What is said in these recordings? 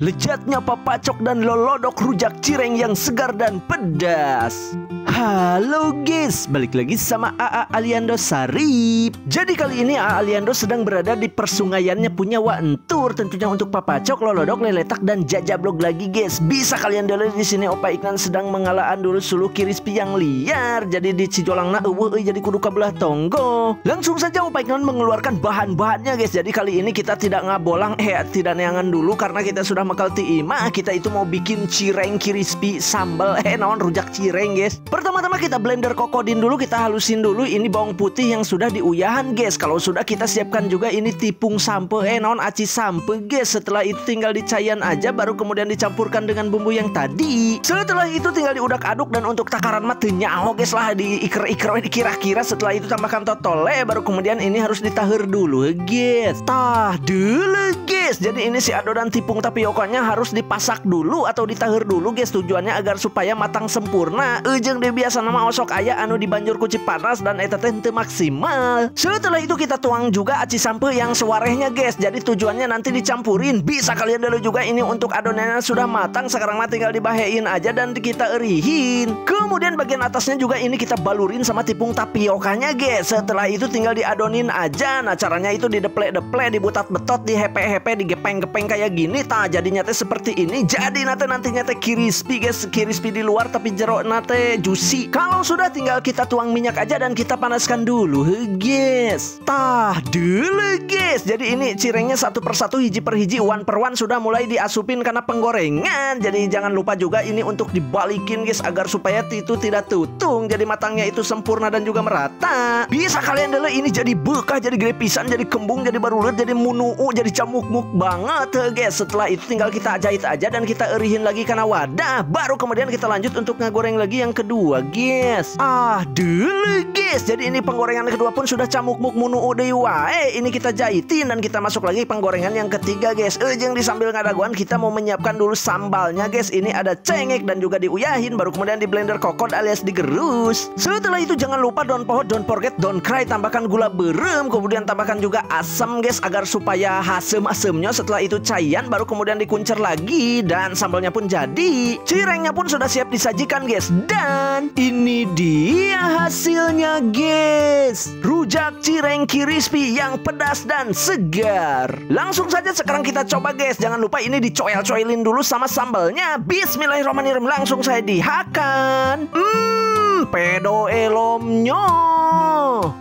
Lejatnya papacok dan lolodok rujak cireng yang segar dan pedas. Halo guys, balik lagi sama AA Aliando Sarip Jadi kali ini AA Aliando sedang berada di persungaiannya punya Wantur Tentunya untuk Papa Cok, lolodok, leletak, dan jajablog lagi guys Bisa kalian download di sini Opa Iknan sedang mengalahkan dulu suluh kiris yang liar Jadi di Cijolangna uwe, uh, uh, uh, jadi kudu kabelah tonggo Langsung saja Opa Iknan mengeluarkan bahan-bahannya guys Jadi kali ini kita tidak ngabolang, eh tidak neangan dulu Karena kita sudah mekal tiima Kita itu mau bikin cireng kirispi sambal, eh naon rujak cireng guys Pertama Pertama-tama kita blender kokodin dulu, kita halusin dulu ini bawang putih yang sudah diuyahan, guys. Kalau sudah kita siapkan juga ini tipung sampe, eh non aci sampe, guys. Setelah itu tinggal dicayan aja, baru kemudian dicampurkan dengan bumbu yang tadi. Setelah itu tinggal diudak-aduk dan untuk takaran matinya, oh guys lah diiker-iker kira-kira. Setelah itu tambahkan totole, eh, baru kemudian ini harus ditahir dulu, guys. Tah dulu, guys guys Jadi ini si adonan tipung tapiokanya harus dipasak dulu atau ditahir dulu guys Tujuannya agar supaya matang sempurna Ujung dia biasa nama osok ayah anu dibanjur kuci panas dan eta maksimal Setelah itu kita tuang juga aci sampe yang suarehnya guys Jadi tujuannya nanti dicampurin Bisa kalian dulu juga ini untuk adonannya sudah matang Sekarang mah tinggal dibahein aja dan kita erihin Kemudian bagian atasnya juga ini kita balurin sama tipung tapiokanya guys Setelah itu tinggal diadonin aja Nah caranya itu di deplek deplek di dibutat-betot, di hepe hepe digepeng-gepeng kayak gini tak jadinya teh seperti ini jadi nate nantinya teh crispy guys crispy di luar tapi jeruk nate juicy kalau sudah tinggal kita tuang minyak aja dan kita panaskan dulu guys tah dulu guys jadi ini cirengnya satu persatu hiji per hiji one per one sudah mulai diasupin karena penggorengan jadi jangan lupa juga ini untuk dibalikin guys agar supaya itu tidak tutung jadi matangnya itu sempurna dan juga merata bisa kalian dulu ini jadi bekah jadi grepisan jadi kembung jadi barulet jadi munuu jadi camuk muk banget guys setelah itu tinggal kita jahit aja dan kita erihin lagi karena wadah baru kemudian kita lanjut untuk ngegoreng lagi yang kedua guys ah dulu guys jadi ini penggorengan kedua pun sudah camuk-muk munu udah eh ini kita jahitin dan kita masuk lagi penggorengan yang ketiga guys ujung eh, di sambil ngadaguan kita mau menyiapkan dulu sambalnya guys ini ada cengek dan juga diuyahin baru kemudian di blender kokot alias digerus setelah itu jangan lupa don't pohon don't forget don't cry tambahkan gula berem kemudian tambahkan juga asam guys agar supaya hasem-asem sebelumnya setelah itu cayan baru kemudian dikuncer lagi dan sambalnya pun jadi cirengnya pun sudah siap disajikan guys dan ini dia hasilnya guys rujak cireng kirispi yang pedas dan segar langsung saja sekarang kita coba guys jangan lupa ini dicoel-coelin dulu sama sambalnya bismillahirrahmanirrahim langsung saya dihakan hmm pedo elomnya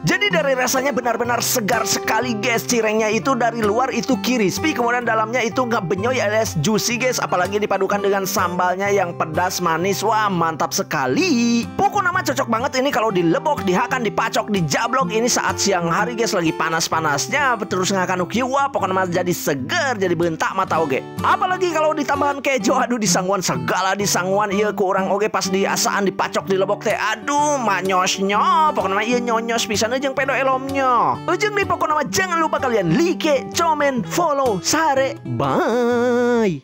jadi dari rasanya benar-benar segar sekali guys. Cirengnya itu dari luar itu crispy kemudian dalamnya itu nggak benyoy alias juicy guys. Apalagi dipadukan dengan sambalnya yang pedas manis. Wah mantap sekali. Koko nama cocok banget ini kalau dilebok, dihakan, dipacok, dijablok ini saat siang hari guys lagi panas-panasnya terus ngakan ukiwa pokoknya nama jadi seger jadi bentak mata oge. Apalagi kalau ditambahan keju, aduh disangguan segala disangguan iya kurang oge pas diasaan dipacok dilebok teh aduh manyosnya pokoknya mah iya nyonyos pisan aja pedo elomnya. Ujung nih pokoknya mah jangan lupa kalian like, comment, follow, share. Bye.